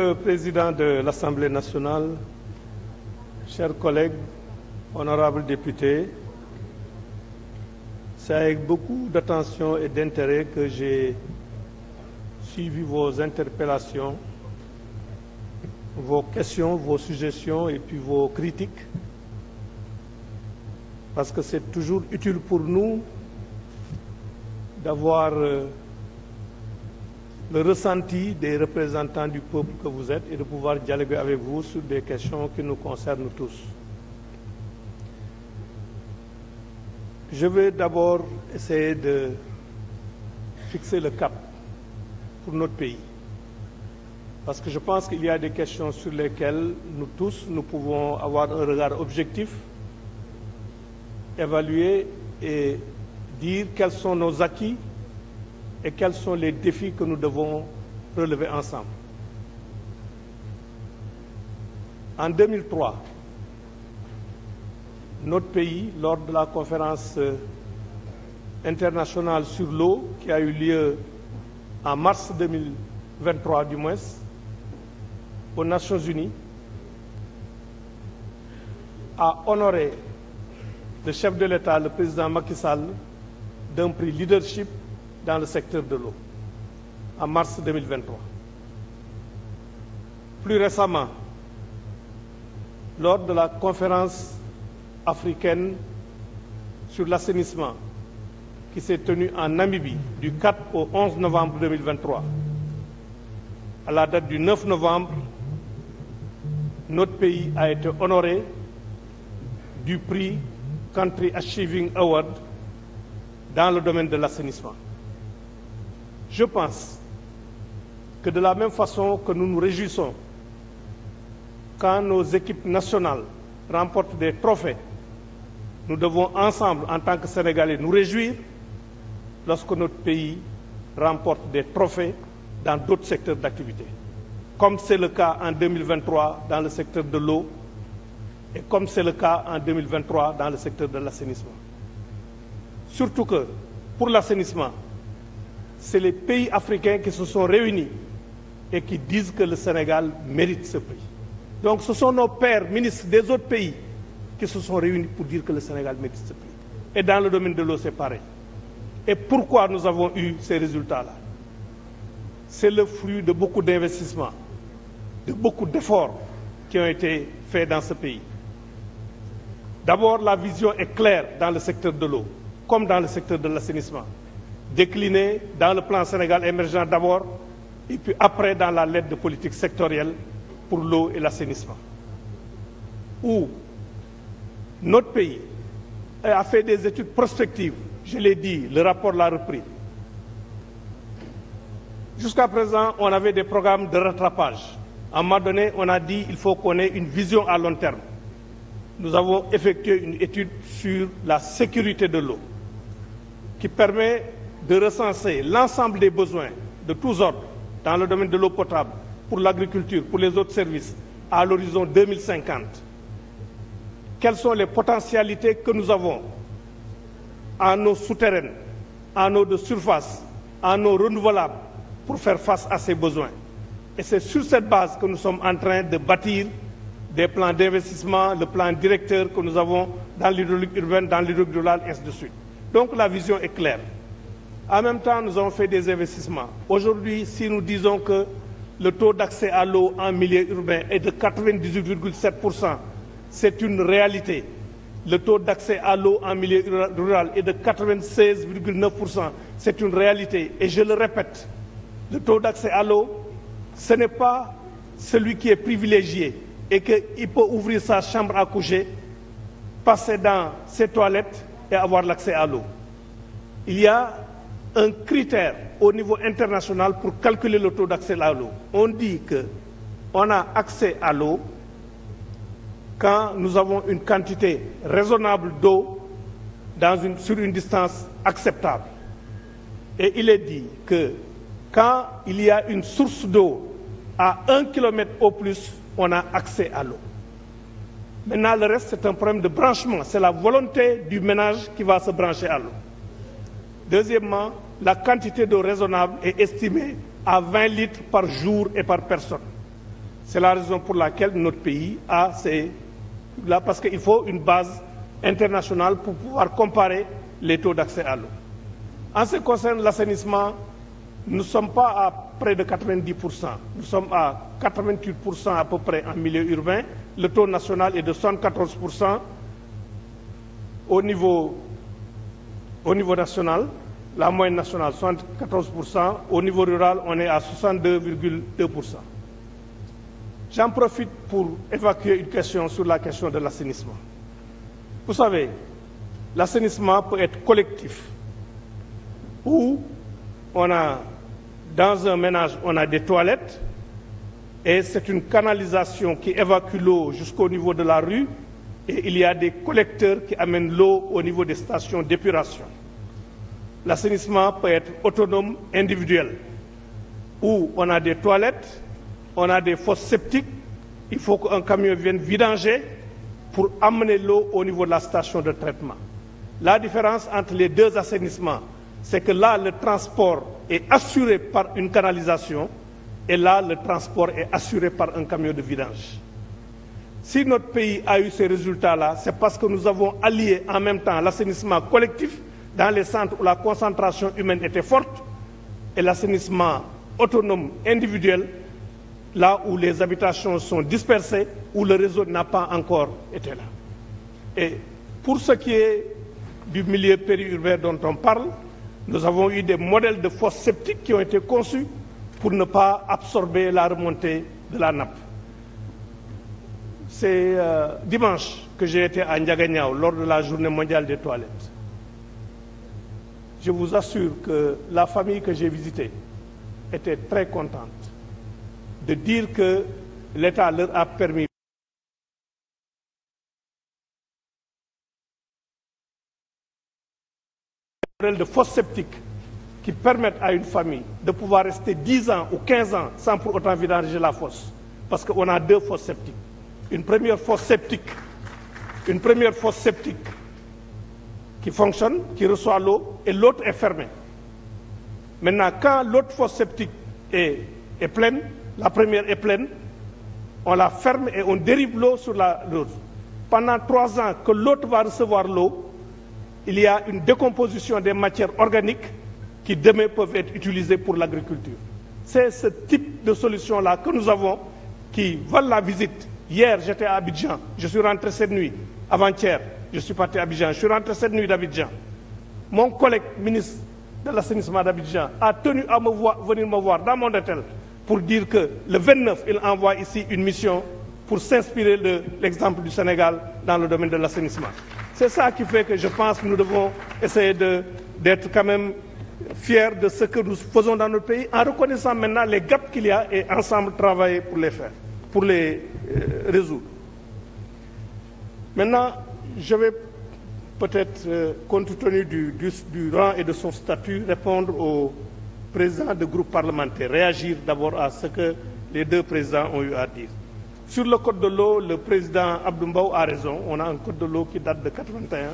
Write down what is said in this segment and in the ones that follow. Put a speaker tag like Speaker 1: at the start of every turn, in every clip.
Speaker 1: Monsieur le Président de l'Assemblée nationale, chers collègues, honorables députés, c'est avec beaucoup d'attention et d'intérêt que j'ai suivi vos interpellations, vos questions, vos suggestions et vos critiques, parce que c'est toujours utile pour nous d'avoir euh, le ressenti des représentants du peuple que vous êtes et de pouvoir dialoguer avec vous sur des questions qui nous concernent tous. Je vais d'abord essayer de fixer le cap pour notre pays. Parce que je pense qu'il y a des questions sur lesquelles nous tous, nous pouvons avoir un regard objectif, évaluer et dire quels sont nos acquis et quels sont les défis que nous devons relever ensemble. En 2003, notre pays, lors de la conférence euh, internationale sur l'eau qui a eu lieu en mars 2023 du moins, aux Nations Unies, a honoré le chef de l'État, le président Macky Sall, d'un prix leadership dans le secteur de l'eau en mars 2023. Plus récemment, lors de la conférence africaine sur l'assainissement qui s'est tenue en Namibie du 4 au 11 novembre 2023, à la date du 9 novembre, notre pays du prix Country Achieving Award dans le domaine de l'assainissement. Je pense que de la même façon que nous nous réjouissons quand nos équipes nationales remportent des trophées, nous devons ensemble, en tant que Sénégalais, nous réjouir lorsque notre pays remporte des trophées dans d'autres secteurs d'activité, comme c'est le cas en 2023 dans le secteur de l'eau et comme le cas en 2023 dans le secteur de l'assainissement. Surtout que pour l'assainissement, c'est les pays africains qui se sont réunis et qui disent que le Sénégal mérite ce prix. Donc ce sont nos pères, ministres des autres pays, qui se sont réunis pour dire que le Sénégal mérite ce prix. Et dans le domaine de l'eau, c'est pareil. Et pourquoi nous avons eu ces résultats-là C'est le fruit de beaucoup d'investissements, de beaucoup d'efforts qui ont été faits dans ce pays. D'abord, la vision est claire dans le secteur de l'eau, comme dans le secteur de l'assainissement. décliné dans le plan Sénégal émergent d'abord et puis après dans la lettre de politique sectorielle pour l'eau et l'assainissement, où notre pays a fait des études prospectives, je l'ai dit, le rapport l'a repris. Jusqu'à présent, on avait des programmes de rattrapage. À moment donné, on a dit il faut qu'on ait une vision à long terme. Nous avons effectué une étude sur la sécurité de l'eau qui permet de recenser l'ensemble des besoins de tous ordres dans le domaine de l'eau potable, pour l'agriculture, pour les autres services, à l'horizon 2050. Quelles sont les potentialités que nous avons en eau souterraine, en eau de surface, en eau renouvelable, pour faire face à ces besoins Et c'est sur cette base que nous sommes en train de bâtir des plans d'investissement, le plan directeur que nous avons dans l'hydraulique urbaine, dans l'hydraulique rurale, et de suite. Donc la vision est claire. En même temps, nous avons des investissements. Aujourd'hui, si nous disons le taux d'accès à l'eau en milieu urbain est de 98,7%, c'est une réalité. Le taux d'accès à l'eau en milieu rural est de 96,9%, c'est une réalité. Et je le répète, le taux d'accès à l'eau, ce n'est pas celui qui est privilégié et qu'il peut ouvrir sa chambre à coucher, passer dans ses toilettes et avoir l'accès à l'eau. Il y a un critère au niveau international pour calculer le taux d'accès à l'eau. On dit que on a accès à l'eau quand nous avons une quantité résonnable d'eau dans une, sur une distance acceptable. Et il est dit que quand il y a une source d'eau à un kilomètre au plus, on a accès à l'eau. Maintenant, le reste, c'est un problème de branchement. C'est la volonté du ménage qui va se brancher à l'eau. Deuxièmement, la quantité d'eau raisonnable est estimée à 20 litres par jour et par personne. la raison pour laquelle notre pays a ces... Là, parce qu'il faut une base internationale pour pouvoir comparer les taux d'accès à l'eau. En ce qui concerne l'assainissement, pas à près de 90%. Nous sommes à 88% à peu près en milieu urbain. Le taux national est de 74%. Au niveau Au niveau national, la moyenne nationale, 74%. Au niveau rural, on est à 62,2%. J'en profite pour évacuer une question la question de l'assainissement. Vous savez, l'assainissement peut être collectif. Où on a, dans un ménage, on a des toilettes et c'est une canalisation qui évacue l'eau niveau de la rue et il y a des collecteurs qui amènent l'eau au niveau des stations d'épuration. L'assainissement peut être autonome, individuel, où on a des toilettes, on a des fosses septiques, il faut qu'un camion vienne vidanger pour amener l'eau au niveau de la station de traitement. La différence entre les deux assainissements, c'est que là, le transport est assuré par une canalisation et là, le transport est assuré par un camion de vidange. Si notre pays a eu ces résultats-là, c'est parce que nous avons allié en même temps l'assainissement collectif dans les centres où la concentration humaine était forte et l'assainissement autonome individuel là où les habitations sont dispersées, où le réseau n'a pas encore été là. Et pour ce qui est du milieu périurbain dont on parle, nous avons eu des modèles de fosses septiques qui ont été conçus pour ne pas absorber la remontée de la nappe. c'est euh, dimanche que j'ai été à Ndiaganiao lors de la journée mondiale des toilettes. Je vous assure que la famille que j'ai visitée était très contente de dire que l'État leur a permis de fausses sceptiques qui permettent à une famille de pouvoir rester 10 ans ou 15 ans sans pour autant vidanger la fosse, parce qu'on a deux fosses sceptiques. une première fosse septique, une première fosse septique qui fonctionne, qui reçoit l'eau, et l'autre est fermée. Maintenant, quand l'autre fosse septique est, est, pleine, la première est pleine, on la ferme et on dérive l'eau sur l'autre. Pendant trois ans que l'autre va recevoir l'eau, il y a une décomposition des matières organiques qui demain peuvent être utilisées pour l'agriculture. C'est ce type de solution-là que nous avons qui valent la visite Hier, j'étais à Abidjan. Je suis rentré cette nuit. Avant-hier, je suis parti à Abidjan. Je suis rentré cette nuit d'Abidjan. Mon à me pour dire que le 29, il envoie ici une mission pour s'inspirer de l'exemple du Sénégal dans le domaine de l'assainissement. C'est ça qui fait que de, quand même fiers de ce que nous faisons en reconnaissant maintenant pour les faire. pour les euh, résoudre. Maintenant, je vais peut-être, euh, compte tenu du, du, du, rang et de son statut, répondre au président de groupe parlementaire, réagir d'abord à ce que les deux présidents ont eu à dire. Sur le code de l'eau, le président Abdoumbaou a raison. On a un code de l'eau qui date de 81.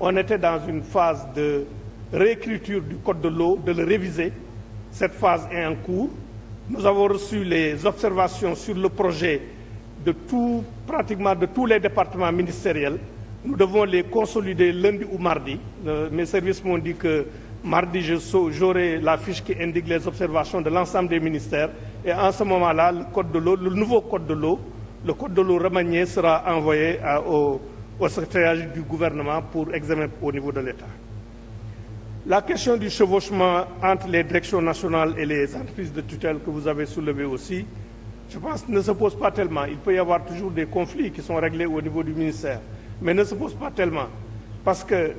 Speaker 1: On était dans une phase de réécriture du code de l'eau, de le réviser. Cette phase est en cours. Nous avons reçu les observations sur le projet de tout, pratiquement de tous les départements ministériels. Nous devons les consolider lundi ou mardi. Euh, mes services m'ont dit que mardi, j'aurai la fiche qui indique les observations de l'ensemble des ministères. Et en ce moment-là, le code de l'eau, le nouveau code de l'eau, le code de l'eau remanié sera envoyé à, au, au du gouvernement pour examen au niveau de l'État. La question du chevauchement entre les directions nationales et les entreprises de tutelle que vous avez soulevée aussi, je pense, ne se pose pas tellement. Il peut y avoir toujours des conflits qui sont réglés au niveau du ministère, mais ne se pose pas tellement. Parce que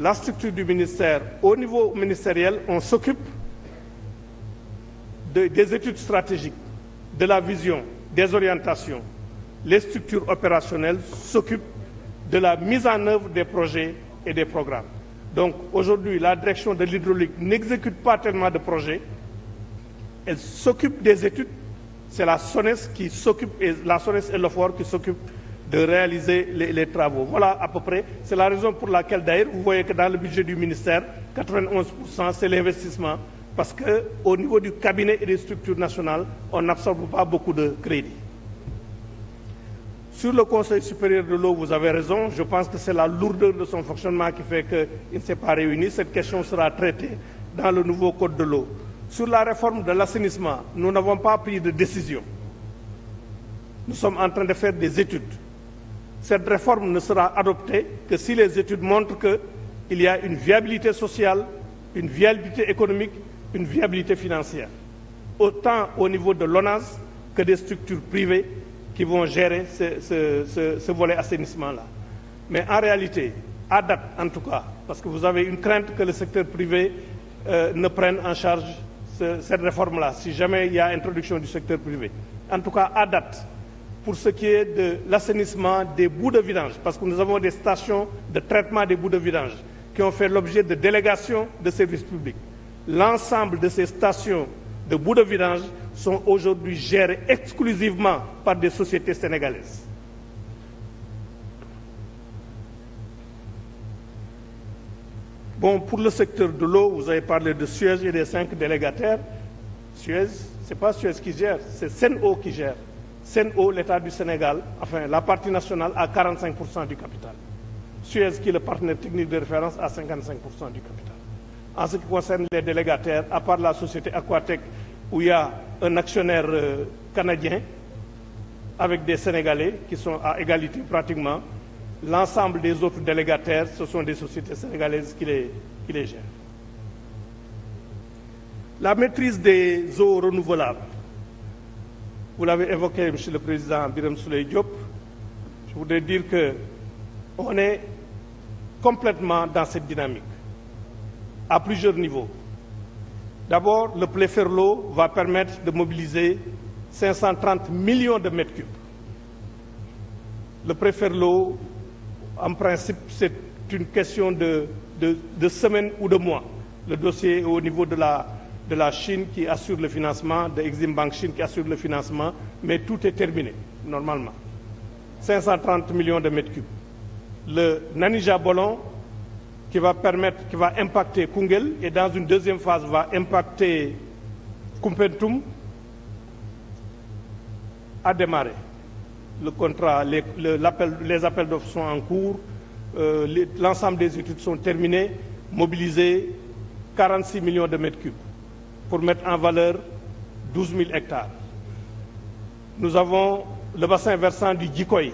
Speaker 1: la structure du ministère, au niveau ministériel, on s'occupe de, des études stratégiques, de la vision, des orientations. Les structures opérationnelles s'occupent de la mise en œuvre des projets et des programmes. Donc aujourd'hui, la direction de l'hydraulique n'exécute pas tellement de projets. Elle des études. C'est la SONES qui s'occupe, la et l'OFOR qui s'occupe de réaliser les, les, travaux. Voilà à peu près. C'est la raison pour laquelle d'ailleurs, vous voyez que dans le budget du ministère, 91% c'est l'investissement. Parce qu'au niveau du cabinet et des structures nationales, on n'absorbe pas beaucoup de Sur le Conseil supérieur de l'eau, vous avez raison. Je pense que c'est la lourdeur de son fonctionnement qui fait qu'il ne s'est pas réuni. Cette question sera traitée dans le nouveau Code de l'eau. Sur la réforme de l'assainissement, nous n'avons pas pris de décision. Nous sommes en train de faire des études. Cette réforme ne sera adoptée que si les études montrent qu'il y a une viabilité sociale, une viabilité économique, une viabilité financière, autant au niveau de l'ONAS que des structures privées qui vont gérer ce, ce, ce, ce volet assainissement-là. Mais en réalité, à date en tout cas, parce que vous avez une crainte que le secteur privé euh, ne prenne en charge cette réforme-là, si jamais il y a introduction du secteur privé. En tout cas, à pour ce qui est de l'assainissement des bouts de vidange, parce que nous avons des stations de traitement des bouts de vidange qui ont fait l'objet de délégation de services publics. L'ensemble de ces stations de bouts de sont aujourd'hui gérés exclusivement par des sociétés sénégalaises. Bon, pour le secteur de l'eau, vous avez de Suez et cinq délégataires. Suez, ce n'est pas Suez qui gère, c'est Sen'Eau qui gère. Sen'Eau, l'État du Sénégal, enfin la partie nationale, a 45% du capital. Suez, qui est le technique de référence, a 55% du capital. En ce qui concerne à part la société Aquatech, où il y un actionnaire euh, canadien avec des Sénégalais qui sont à égalité pratiquement. L'ensemble des autres délégataires, ce sont des sociétés sénégalaises qui les, qui La maîtrise des eaux renouvelables. Vous l'avez évoqué, Monsieur le Président Birame Souleye Diop. Je voudrais dire qu'on est complètement dans cette dynamique, à plusieurs niveaux. D'abord, le Pléferlo va permettre de mobiliser 530 millions de mètres cubes. Le Pléferlo, en principe, c'est une question de, de, de semaines ou de mois. Le dossier est au niveau de la, de la Chine qui assure le financement, de Exim Bank Chine qui assure le financement, mais tout est terminé, normalement. 530 millions de mètres cubes. Le Nanija Bolon, qui va permettre, qui va impacter Kungel et dans une deuxième phase va impacter Kumpentum, a démarré. Le contrat, les, le, appel, les appels d'offres sont en cours, euh, l'ensemble des études sont terminées, mobiliser 46 millions de mètres cubes pour mettre en valeur 12 000 hectares. Nous avons le bassin versant du Djikoy,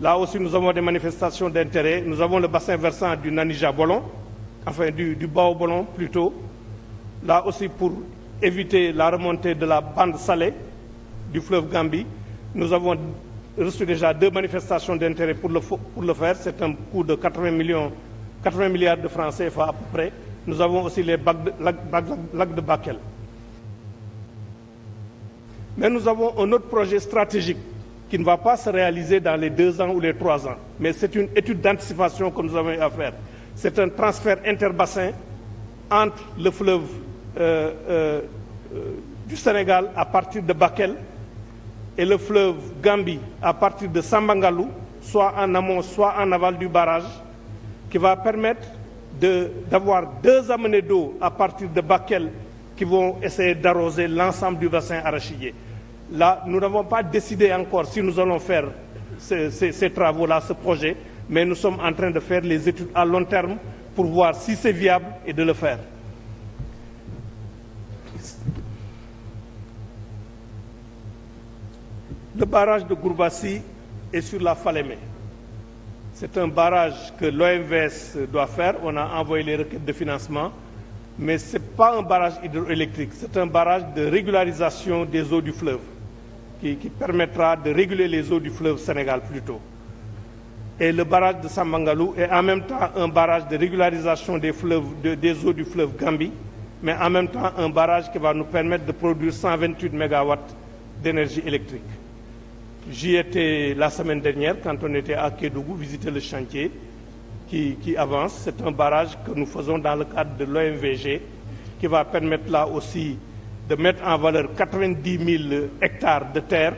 Speaker 1: Là aussi, nous avons des manifestations d'intérêt. Nous avons le bassin versant du Nanija-Bolon, enfin du, du Bao-Bolon plutôt. Là aussi, pour éviter la remontée de la bande salée du fleuve Gambie, nous avons reçu déjà deux manifestations d'intérêt pour le, pour le faire. C'est un coût de 80, millions, 80 milliards de francs CFA à peu près. Nous avons aussi les bacs de, lacs, bacs, lacs de Bakel. Mais nous avons projet stratégique qui ne va pas se réaliser dans les deux ans ou les trois ans. Mais c'est une étude d'anticipation que nous avons eu à faire. C'est un transfert interbassin entre le fleuve euh, euh, euh, du Sénégal à partir de Bakel et le fleuve Gambie à partir de Sambangalou, soit en amont, soit en aval du barrage, qui va permettre d'avoir de, deux amenées d'eau à partir de Bakel qui vont essayer d'arroser l'ensemble du bassin arachidier. Là, nous n'avons pas décidé encore si nous allons faire ces, ces, ces travaux-là, ce projet, mais nous sommes en train de faire les études à long terme pour voir si c'est viable et de le faire. Le barrage de Gourbassi est sur la Falémé. C'est un barrage que l'OMVS doit faire. On a envoyé les requêtes de financement, mais ce n'est pas un barrage hydroélectrique, c'est un barrage de régularisation des eaux du fleuve. qui, qui, permettra de les eaux du fleuve Sénégal plus tôt. Et le barrage de en même temps un barrage de des, fleuves, de, des eaux du fleuve mais en même temps un barrage qui permettre de produire 128 MW d'énergie électrique. J'y étais la semaine dernière quand à Kédougou visiter le chantier qui, qui avance. C'est un barrage que nous faisons dans le cadre de l'OMVG qui de mettre en valeur 90 000 hectares de terre,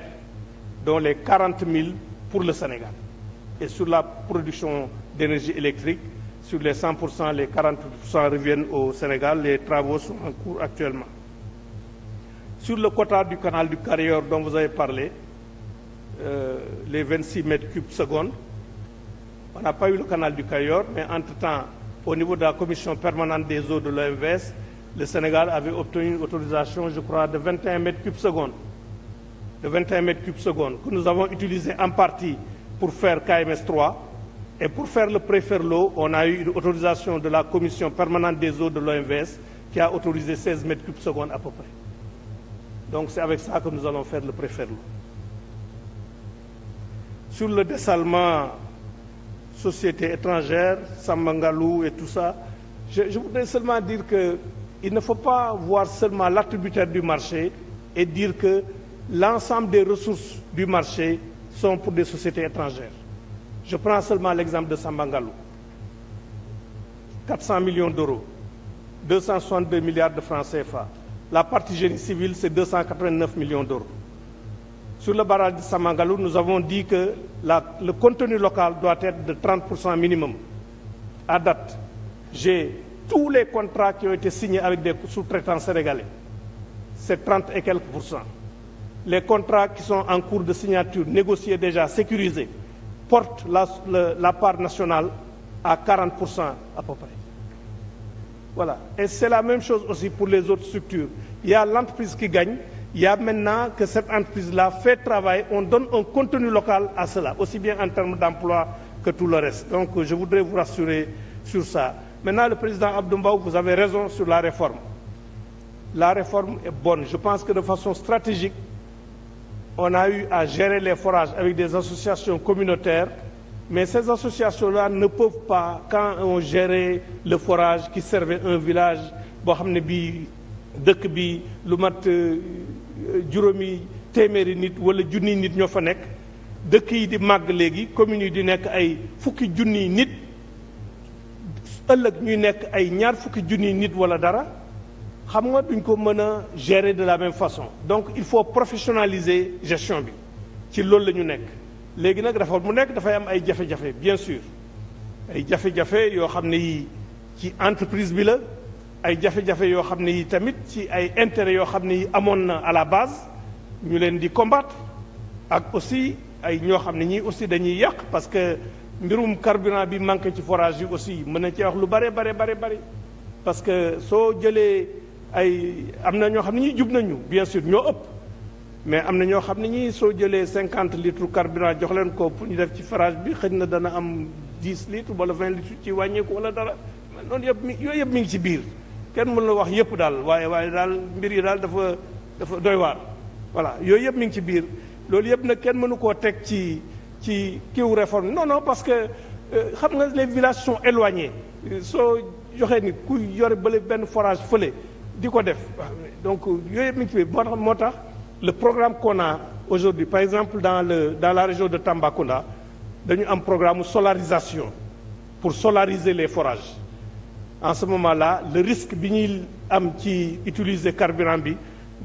Speaker 1: dont les 40 000 pour le Sénégal. Et sur la production d'énergie électrique, sur les 100%, les 40% reviennent au Sénégal. Les travaux sont en cours Sur le quota du canal du Carrière dont vous avez euh, les 26 mètres cubes secondes, on n'a pas eu le canal du Carrière, temps au niveau de la commission des eaux de l'OMVS, le Sénégal avait obtenu une autorisation, je crois, de 21 mètres cubes secondes. De 21 mètres cubes secondes, que nous avons utilisé en partie pour faire KMS 3. Et pour faire le Préferlo, on a eu une autorisation de la Commission permanente des eaux de l'OMVS qui a autorisé 16 mètres cubes secondes à peu près. Donc c'est avec ça que nous allons faire le Préferlo. Sur le dessalement sociétés étrangères, Sambangalou et tout ça, je, voudrais seulement dire que il ne faut pas voir seulement l'attributaire du marché et dire que l'ensemble des ressources du marché sont pour des sociétés étrangères. Je prends seulement l'exemple de Sambangalou. 400 millions d'euros, 262 milliards de francs CFA. La partie génie civile, c'est 289 millions d'euros. Sur le barrage de Samangalou, nous avons dit que la, le contenu local doit être de 30% minimum. À date, j'ai tous les contrats qui ont été signés avec des sous-traitants sénégalais, c'est 30 Les contrats qui sont en cours de signature, négociés déjà, sécurisés, portent la, le, la part nationale à 40% à peu près. Voilà. Et c'est la même chose aussi pour les autres structures. Il y a l'entreprise qui gagne, il y a maintenant que cette entreprise-là fait travail, on donne un contenu local à cela, aussi bien en termes d'emploi que tout le reste. Donc je voudrais vous rassurer sur Maintenant, le président Abdoumbaou, vous avez raison sur la réforme. La réforme est bonne. Je pense que de façon stratégique, on a eu à gérer les forages avec des associations communautaires, mais ces associations-là ne peuvent pas, quand on gérait le forage qui servait un village, boo xam ne bii dëkk bi lu mat euh, juróomi téeméeri nit wala junniy nit ñoo fa nekk dëkk yi di màgg léegi communes yi di nekk ay fukki junniy nit ëllëg ñuy nekk ay ñaar fukki junni nit wala dara xam nga duñ ko mën a gérer de la même façon donc il faut professionnaliser gestion bi ci loolu la ñu nekk léegi nag dafa mu nekk dafay am ay jafe-jafe bien sûr ay jafe-jafe yoo xam ne yi ci entreprise bi la ay jafe-jafe yoo xam ne yi tamit ci ay intérêt yoo xam ne yi amoon na à la base ñu leen di combattre ak aussi ay ñoo xam ne ñii aussi dañuy yàq parce que mbirum carburant bi manqué ci forage yi aussi mën na cee wax lu bare bare bare bëri parce que soo jëlee ay am na ñoo xam ne ñi jub nañu bien sûr ñoo ëpp mais am na ñoo xam ne ñi soo jëlee cinquante litres carburant jox leen ko pour ñu def ci forage bi xëñ na dana am dix litres wala vingt litres ci wàññeeku wala dara noonu yëpp mi yooyu yëpp mi ngi ci biir kenn mën la wax yëpp daal waaye waaye daal mbir yi daal dafa dafa doy waar voilà yooyu yëpp mi ngi ci biir loolu yëpp nag kenn mënu koo teg ci ci kiw réforme non non parce que euh, xam nga les villages sont éloignés euh, soo joxee ni ku yore bële benn forage fële di ko def donc yooyu yëpp mi ngi moo tax moo tax le programme qu'on a aujourd'hui par exemple dans le dans la région de Tambacounda dañu am programme solarisation pour solariser les forages en ce moment la le risque bi ñuy am ci utiliser carburant bi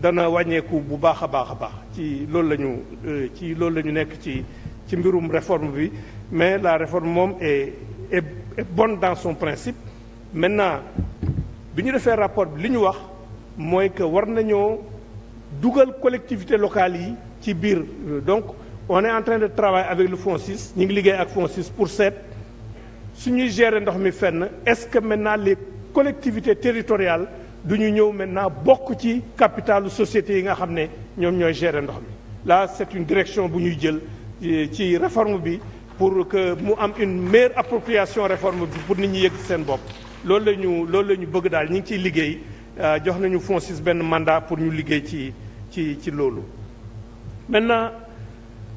Speaker 1: dana wàññeeku bu baax a baax a baax ci loolu la ñu euh, ci loolu la ñu nekk ci ci mbirum réforme bi mais la réforme moom et est bonne dans son principe maintenant bi ñu defee rapport bi li ñu wax mooy que war nañoo dugal collectivité locales yi ci biir euh, donc on est en train de travailler avec le fond FONSIS ñu ngi liggéey ak FONSIS pour seet su ñuy gérer ndox mi fenn est-ce que maintenant les collectivité territoriales du ñu ñëw maintenant bokk ci capitalu sociétés yi nga xam ne ñoom ñooy gérer ndox mi là c'est une direction bu ñuy jël ci réforme bi pour que mu am une meilleure appropriation réforme bi pour nit ñi yëg seen bopp loolu la ñu loolu la ñu bëgg daal ñu ngi ciy liggéey euh, jox nañu FONSIS benn mandat pour ñu liggéey ci ci ci loolu maintenant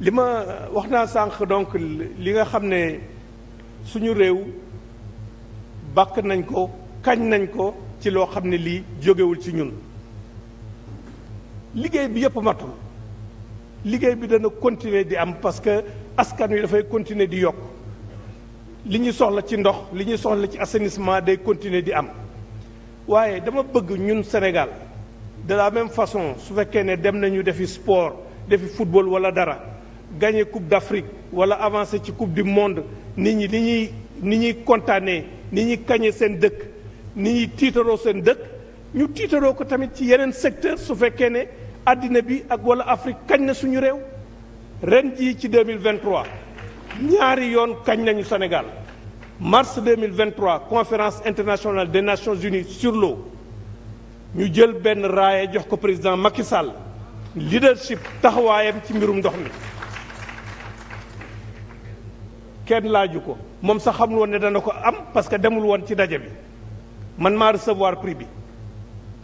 Speaker 1: li ma euh, wax naa sànq donc li nga xam ne suñu réew bàkk nañ ko kañ nañ ko ci loo xam ne lii jógewul ci ñun liggéey bi yëpp matul liggéey bi dana continuer di am parce que askan wi dafay continuer di yokk li ñu soxla ci ndox li ñu soxla ci assainissement day continuer di am waaye dama bëgg ñun Sénégal de la même façon su fekkee ne dem nañu defi sport defi football wala dara gagné coupe d'Afrique wala avancé ci coupe du monde nit ñi ni ñuy ni ñuy kontaanee ni ñuy kañe seen dëkk ni ñuy tiitaroo seen dëkk ñu tiitaroo ko tamit ci yeneen secteur su fekkee ne àddina bi ak wala Afrique kañ na suñu réew ren jii ci 2023 ñaari yoon kañ nañu Sénégal mars 2023 conférence internationale des nations unies sur l'eau ñu jël benn raaya jox ko président Macky Sall leadership taxawaayam ci mbirum ndox mi kenn laaju ko moom sax xamul woon ne dana ko am parce que demul woon ci daje bi man maa recevoir prix bi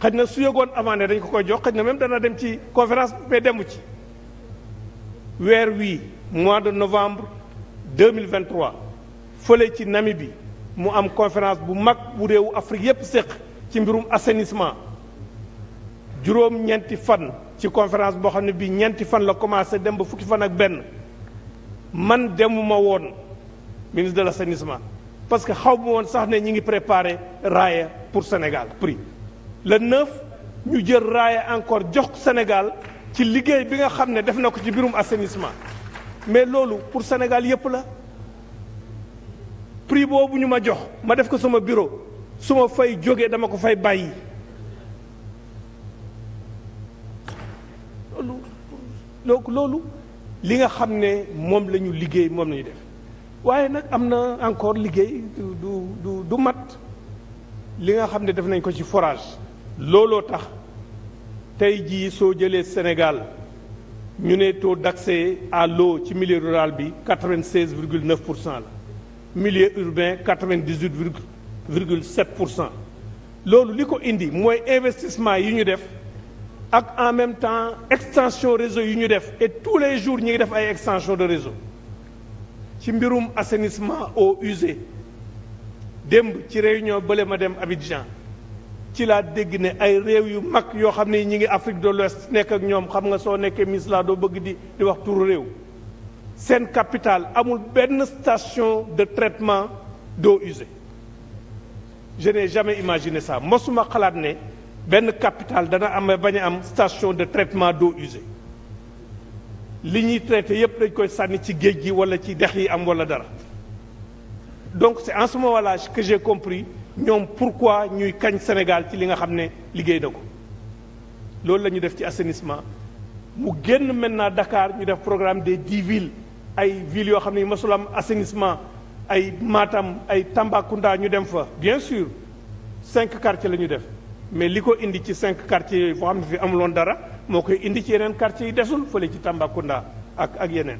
Speaker 1: xaj na su yëgoon avant dañ ko koy jox xaj na même dana dem ci conférence mais demu ci weer wii mois de novembre 2023 fële ci Namibie mu am conférence bu mag bu réewu Afrique yépp séq ci mbirum assainissement juróom ñeenti fan ci conférence boo xam ne bii ñeenti fan la commencé dem ba fukki fan ak benn man demuma woon ministre de l'assainissement parce que xaw ma woon sax ne ñi ngi préparer raaya pour Sénégal le 9 ñu jël raaya encore jox Sénégal ci liggéey bi nga xam ne def na ko ci birum assainissement mais loolu pour Sénégal yépp la prix boobu ñu ma jox ma def ko sama bureau su ma fay jógee dama ko fay bàyyi loolu loolu li nga xam ne moom la ñu liggéey moom la ñu def waaye nag am na encore liggéey du du du mat li nga xam ne def nañ ko ci forage looloo tax tey jii soo jëlee Sénégal ñu ne taux d'accès à l'eau ci millier rural bi 96 virgule 9 pour cent la milieu urbain 98 virgule 7 pour cent loolu li ko indi mooy investissement yi ñu def ak en même temps extension réseau yi ñu def et tous les jours ñu ngi def ay extension de réseau ci mbirum assainissement eaux use démb ci réunion bële ma dem Abidjan ci laa dégg ne ay réew yu mag yoo xam ne ñi ngi Afrique de l'Ouest nekk ak ñoom xam nga soo nekkee ministre laa doo bëgg di di wax turu réew seen capital amul benn station de traitement d'eau use je n'ai jamais imaginé ça mosuma xalaat ne benn capital dana am bañ a am station de traitement d'eau usée li ñuy traité yépp dañ koy sànni ci géej gi wala ci dex yi am wala dara donc c'est en ce moment-là que j'ai compris ñoom pourquoi ñuy kañ Sénégal ci li nga xam ne liggéey na ko loolu la ñu def ci assainissement mu génn maintenant dakaar ñu def programme des dix villes ay villes yoo xam ne masul am assainissement ay maatam ay Tambacounda ñu dem fa bien sûr cinq quartiers la ñu def mais li ko indi ci cinq quartiers yooyu foo xam ne fi amuloon dara moo koy indi ci yeneen quartiers yi desul fële ci Tambacounda ak ak yeneen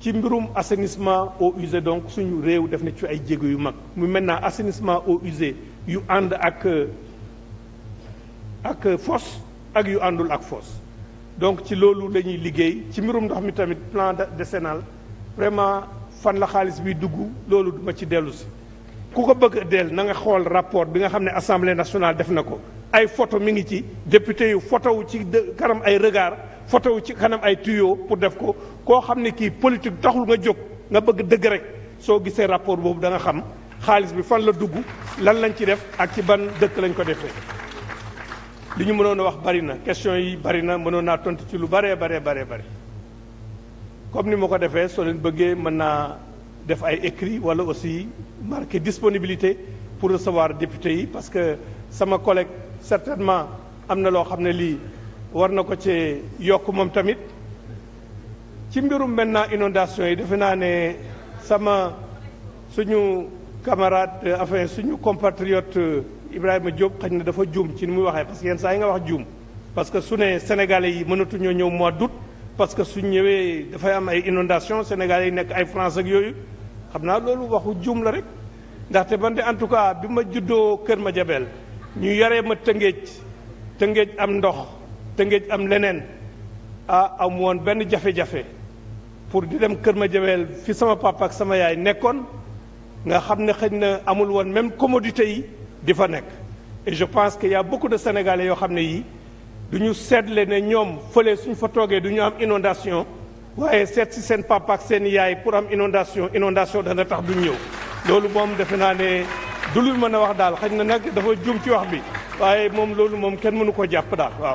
Speaker 1: ci mbirum assainissement eaux usées donc suñu réew def na ci ay jéego yu mag mu maintenant assainissement eaux usées yu ànd ak ak fosse ak yu àndul ak fosse donc ci loolu lañuy liggéey ci mbirum ndox mi tamit plan décennal vraiment fan la xaalis bi dugg loolu duma ci dellu si ku ko bëgg dell na nga xool rapport bi nga xam ne assemblée nationale def na ko ay photo mi ngi ci député yu photo ci ci kanam ay regard fotow ci kanam ay tuyaux pour def ko koo xam ne kii politique taxul nga jóg nga bëgg dëgg rek soo gisee rapport boobu da nga xam xaalis bi fan la dugg lan lañ ci def ak ci ban dëkk lañ ko defee. li ñu mënoon a wax bari na question yi bari na mënoon naa tontu ci lu baree baree baree bari comme ni ma ko defee soo leen bëggee mën naa def ay écrit wala aussi marqué disponibilité pour recevoir député yi parce que sama collègue certainement am na loo xam ne lii. war na ko ci yokk moom tamit ci mbirum maintenant inondation yi defe naa ne sama suñu camarade euh, enfin suñu compatriote euh, Ibrahima Diop xañ na dafa juum ci ni muy waxee parce yenn saa yi nga wax juum parce que su ne sénégalais yi mënatuñoo ñëw mois d'août parce que suñ ñëwee dafay am ay inondation sénégalais yi nekk ay France ak yooyu xam naa loolu waxu juum la rek ndaxte man de en tout cas bi ma juddoo Kër ma Madiabel ñu yaree ma Tëngéej Tëngéej am ndox Tëngéej am leneen ah am woon benn jafe-jafe pour di dem Kër ma Madiabel fi sama papa sama yaay nekkoon nga xam ne xëy na amul woon même commodité yi di fa nekk et je pense que yaa a beaucoup de Sénégalais yoo xam ne yii du ñu seetle ne ñoom fële suñ fa toogee du ñu am inondation waaye seet si seen papa ak seen yaay pour am inondation inondation dana tax ñu ñëw loolu moom defe naa ne du lu mën a wax daal xëy na nag dafa juum ci wax bi waaye moom loolu moom kenn mënu ko jàpp daal